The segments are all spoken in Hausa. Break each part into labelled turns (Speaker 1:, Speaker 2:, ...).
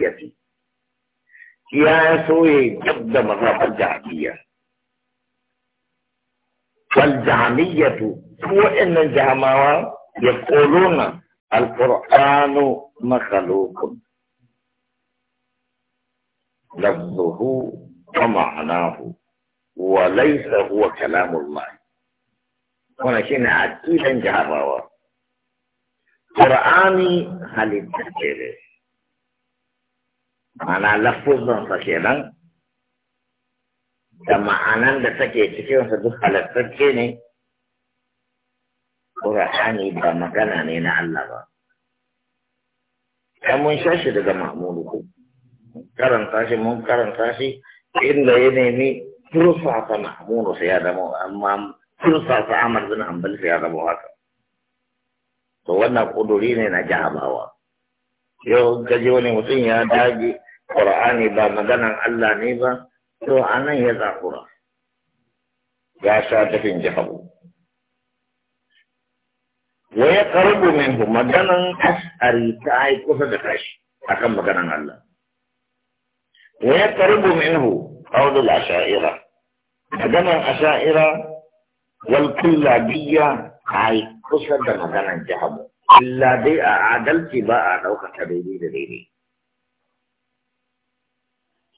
Speaker 1: الحنفية يا سوي جد مذهب الجعفية والجعمية هو إن الجهماوة يقولون القرآن مخلوق لفظه ومعناه وليس هو كلام الله هنا شيء عديدا جهراوة قرآني هل التكيري mana lafuzansa kenan da ma'anan da take cikinsa duk halattacce ne ƙura'ani ba magana ne na Allah ba sai mun sha shi daga ma'amulu ko karanta shi mun karanta shi inda ya nemi turfafa ma'amulu sai ya zama amma turfafa amar bin ambal sai ya zama haka to wannan ƙuduri ne na jahabawa yau gaji wani mutum ya dage Qur'ani ba maganan Allah ne ba to anan ya zakura ya sha tafin jahabu wa ya karbu hu maganan ash'ari ta yi kusa da kashi akan maganan Allah wa ya karbu minhu qawlul asha'ira, maganan asha'ira wal kullabiyya ai kusa da maganan jahabu illa dai a adalci ba a ɗaukaka daidai da daidai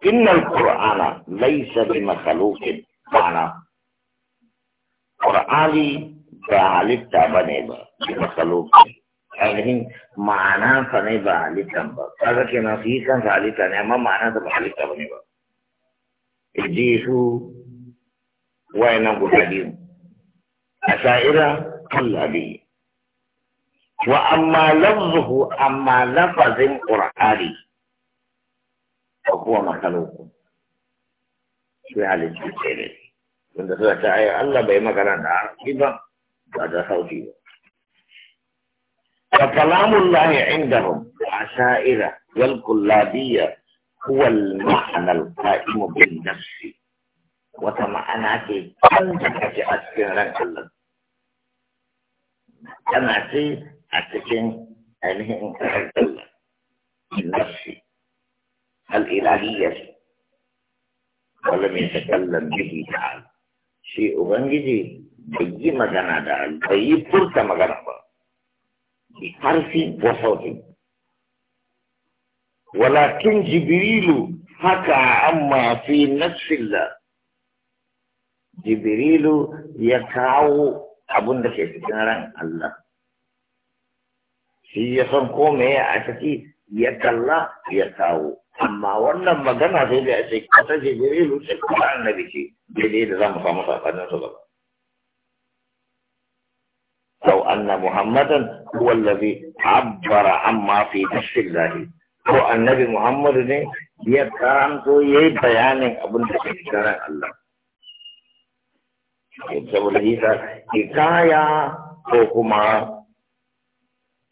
Speaker 2: إن القرآن
Speaker 1: ليس بمخلوق معنى القرآن بعالب تابنه بمخلوق يعني معنى فنه بعالب تابنه هذا كنا فيه كان فعالب تابنه ما معنى بعالب تابنه الجيسو وين أبو حديث أسائرة كل أبي وأما لفظه أما لفظ القرآن هو makalukun shi halittu ce ne wanda suka الله بما كان bai magana da harfi فكلام الله عندهم العشائرة والكلابية هو المعنى القائم بالنفس وتمعناتي عندك في لك الله تمعتي أتكن أنهم الله النفس الإلهية ولم يتكلم به تعالى شيء أبنجي بيجي مغانا دا بيجي فرصة مغانا با بحرف وصوت ولكن جبريل حكى عما في نفس الله جبريل يكاو abun da ke cikin ran Allah. Shi ya san ko me a ciki ya kalla ya kawo. amma wannan magana sai da ake kata ce da yi rute kuma an na biki daidai da zama samu sakanin su ba. Sau anna Muhammadan wallazi abbara amma fi tashin zahi. Ko annabi Muhammadu ne ya karanto ya yi bayanin abin da ke karan Allah. Saboda shi sa kaya ko kuma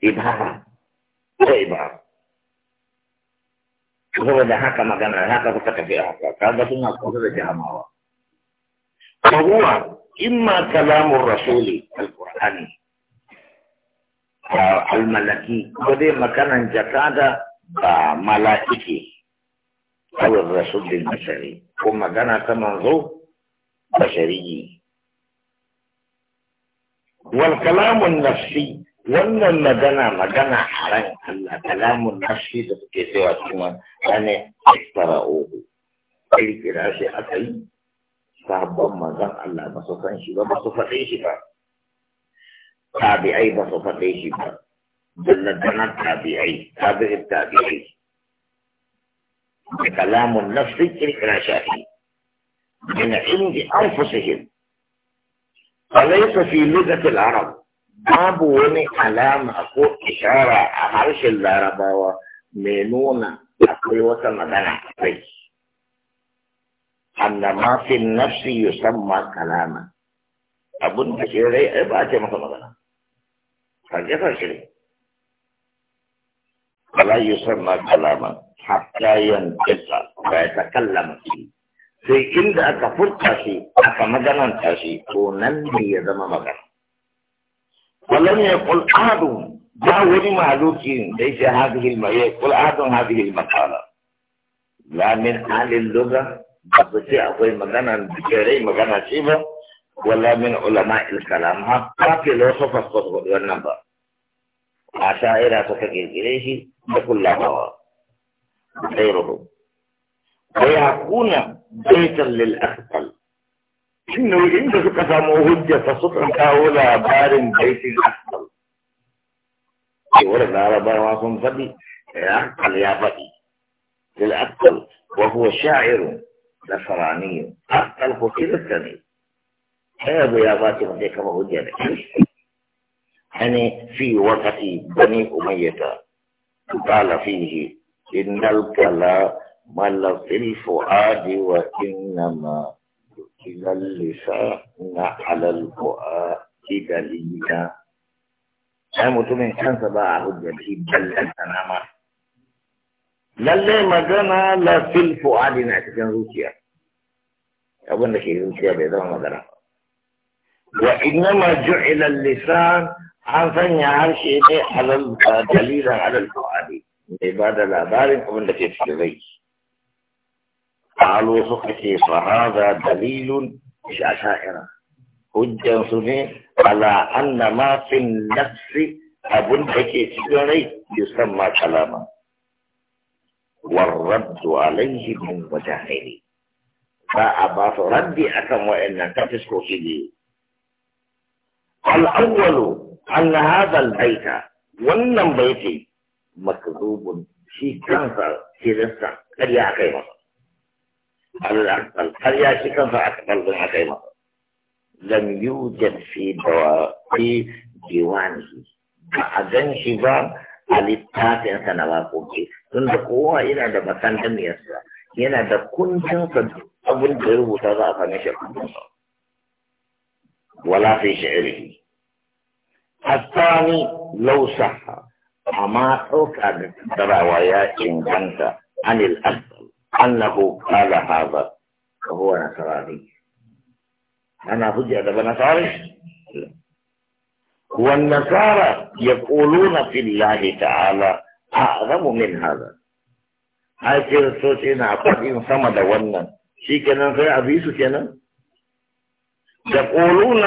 Speaker 1: ibaha, Ko ibaha. saboda haka magana haka kuka tafi a haka kaga suna kusa da jahamawa fa huwa imma kalamur rasuli alqur'ani al malaki ko dai makanan jakada ba malaiki ko rasulin bashari ko magana ta manzo bashari wal kalamun nafsi wannan magana magana haram Allah kalamun nashi da suke cewa kuma ne tsara kai kira shi aka yi sabon magan Allah ba su san shi ba ba su faɗe shi ba tabi'ai ba su faɗe shi ba dalladanar tabi'ai tabi'in tabi'ai da kalamun nafsi kirkira shi aka yi an عند shi alaysa fi لغة العرب babu wani alama ko ishara a harshen larabawa mai nuna akwai wata magana kai annama fi nafsi yusamma kalama abun da ke rai ai ba ce maka magana kaje ka shiri kala yusamma kalama hatta yanqita ba ya takallama shi sai inda aka furta shi aka magananta shi to nan ne ya zama magana ولم يقل أحد ده ولي معلوك ليس هذه الم... يقول أحد هذه المقالة لا من أهل اللغة بطيء أقول مغانا بكيري مغانا شيبة ولا من علماء الكلام حتى فيلوسوف الصدق والنبا عشائر تفكر إليه بكل لغوة غيره ويكون بيتا للأخطل nau'in da suka samu hujjata sukan kawo labarin baitin asal cewar larabawa sun faɗi ya akal ya faɗi lil akal wa huwa sha'irun nasrani akal ko kirista ne sai abu ya ba ce mutai kama hujja da shi hani fi wakati bani umayyata qala fihi innal kala mal fil fuadi wa innama إلى اللسان على الفؤاد دليلا هم تمين كان سبا عهد جديد بل أنتنام مجانا لا في الفؤاد نعتكن روسيا أبنى كي روسيا بيضا ما وإنما جعل اللسان عن فن يعرش إليه على الدليل على الفؤاد عبادة لا بارن أبنى كي تفكي قالوا صحتي فهذا دليل الأشاعرة حجة سنة على أن ما في النفس أبن بكي سجري يسمى كلاما والرد عليه من وجهه فأباط ردي أكم وإن تفسك فيه الأول أن هذا البيت ونم بيتي مكذوب في كنفر في رسا قد يعقي
Speaker 2: Allah har ya shi
Speaker 1: kansa a kamar don aka yi masa lam yujad fi dawa fi diwani ba a ganshi ba a littafinsa na waƙoƙi tunda kowa yana da masandaniyarsa yana da kundinsa abin da ya rubuta za a same shi kundinsa wala fi shi'irihi hattani law sahha amma ɗauka da tarawa ya inganta anil asal أنه قال هذا وهو نصراني أنا أخذ هذا بنصاري والنصارى يقولون في الله تعالى أعظم من هذا هاي كريستوسي أقول إن صمد ونن شي كنا في عبيسو كنا يقولون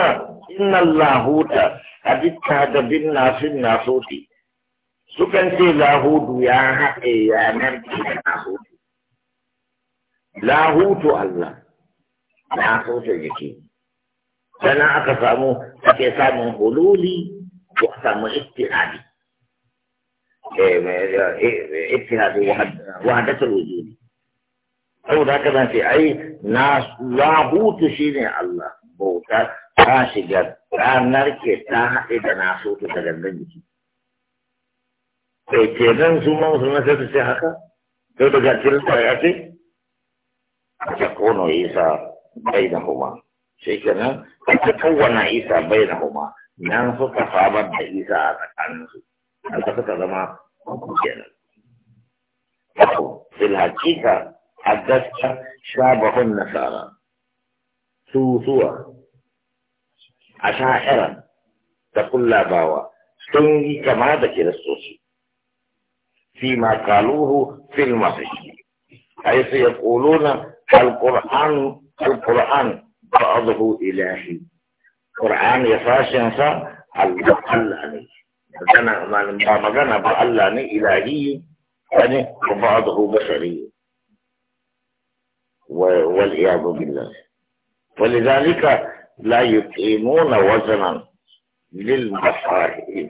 Speaker 1: إن الله قد اتحد بالناس الناسوتي سكن سي لاهوت يا حقي يا مركي الناسوتي lahutu Allah na sosa jiki sannan aka samu ake samun hululi ko a samu istihadi eh, eh, eh, istihadi wahadatul wujudi saboda haka zan ce ai na shi ne Allah bauta ta shiga ta narke ta haɗe da na sosa da gangan jiki Ke nan su ma musulman sai su ce haka sai daga cikin ya ce yakunu isa bainahuma shikenan ta kowanne isa bainahuma nan suka sabar da isa a tsakaninsu Allah suka zama hukun kenan ko fil hakika haddatha shabahun nasara su suwa asha'ira da kullabawa sun yi kama da kiristoci fi ma kaluhu fil masihi ai sai ya kulo القرآن القرآن بعضه إلهي قرآن يفاشن فالبقلاني أنا ما نبغى أنا بقلاني إلهي يعني بعضه بشري والعياذ بالله ولذلك لا يقيمون وزنا للمصاحب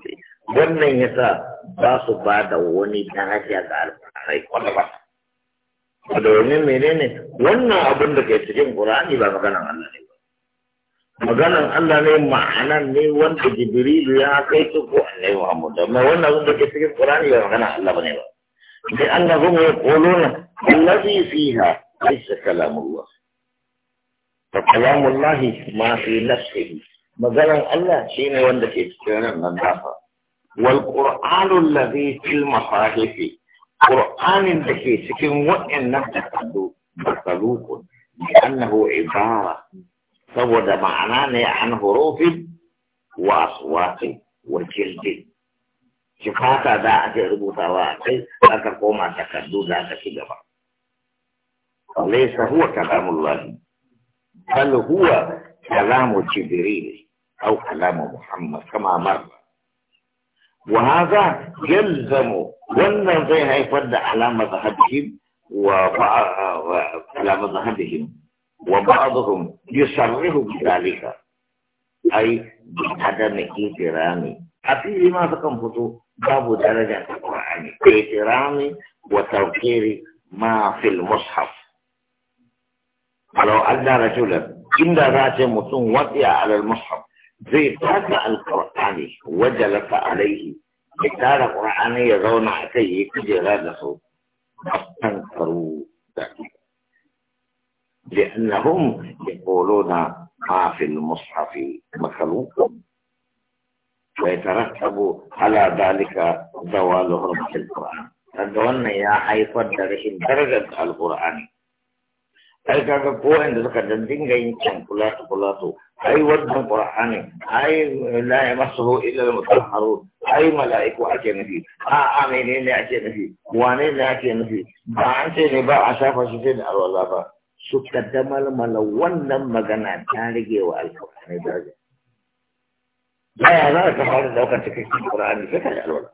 Speaker 1: ومن يسا باسو بعد وني دعاتي domin menene wannan abin da ke cikin Qur'ani ba maganan Allah ne maganan Allah ne ma'anan ne wanda Jibrilu ya kai su ko Annabi Muhammad amma wannan abin da ke cikin Qur'ani ba maganan Allah bane ba ko ne ya quluna allazi fiha laysa kalamullah fa kalamullah ma fi nafsihi maganan Allah shine wanda ke cikin wannan dafa, wal qur'anul ladhi fil masahifi قرآن دكي سكين وإن نحن قدو مخلوق لأنه عبارة فود معناه عن حروف وأصوات وجلد شفاتا دا أتي ربوتا وأتي أتقوم تقدو ذات كدبا ليس هو كلام الله بل هو كلام جبريل أو كلام محمد كما مر وهذا يلزم وأن زي فرد على مذهبهم وعلى مذهبهم وبعضهم يصرح بذلك أي بعدم احترام حتي لما تكون فتو باب درجة القرآن احترام وتوقير ما في المصحف فلو أدى رجلا إن ذات متون وطيا على المصحف زيتات القرآن وجلس عليه بتار قرآني يزون عتيه كجرى لهم فاستنكروا ذلك لأنهم يقولون ما في المصحف مخلوق ويترتب على ذلك زوالهم في القرآن فدون يا حيث درهم درجة القرآن ai kaga ko inda suka dan dinga yin can kulatu kulatu ai wannan qur'ani ai la yamassuhu illa al mutahharu ai mala'iku ake nufi a a ne ake nufi wane ne ake nufi ba an ce ne ba a shafa shi sai da alwala ba suka mala wannan magana ta rage wa alƙur'ani daraja ya za ka fara daukar cikin qur'ani sai ka yi alwala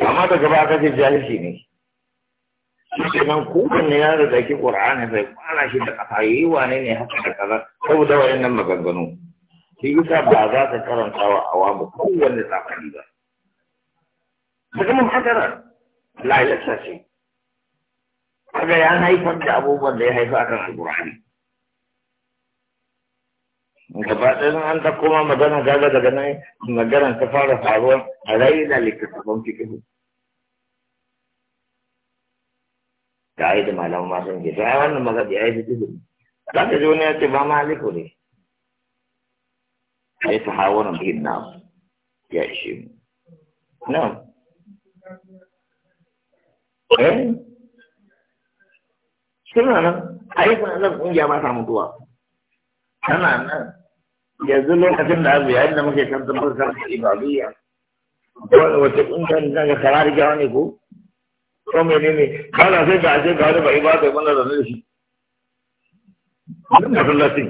Speaker 1: amma daga ba ka ce jahilci ne kenan ne ya da ke qur'ani sai kwana shi da kafa yi wane ne haka da kaza saboda wayannan maganganu shi yasa ba za ta karanta wa awamu kowanne tsakani ba daga mun hadara lailatsa ce kaga ya haifar da abubuwan da ya haifa akan alqur'ani gaba ɗaya an ta koma magana gaba daga nan magana ta fara faruwa a raina littattafan fikihu ga yi da malamu ma ke ce to ai wannan mazhabi ai fi dubu za ta ji wani ya ce ba maliku ne ai ta wani bihin na ya ishe mu na eh suna nan ai kuna nan kungiya ba ta mutuwa tana nan yanzu lokacin da abu yayin da muke tantan fasar ibadiyya wata kungiyar da ga kawar jawa ne ko ko menene kana sai ga aje ga wani bai ba kai wannan da shi wannan masallacin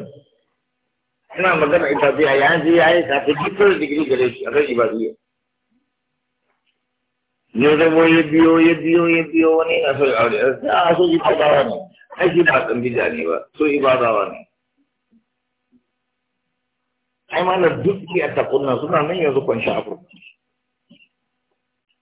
Speaker 1: ina magana ita biya ya je ya yi kafin digital degree gare shi a kan ibadiyya ya zama ya biyo ya biyo ya biyo wani na so ya aure a so ibadawa ne aiki ba kan bija ne ba so ba za ibadawa ne ai ma na duk iya takunna suna nan yanzu kwanci a kurkuku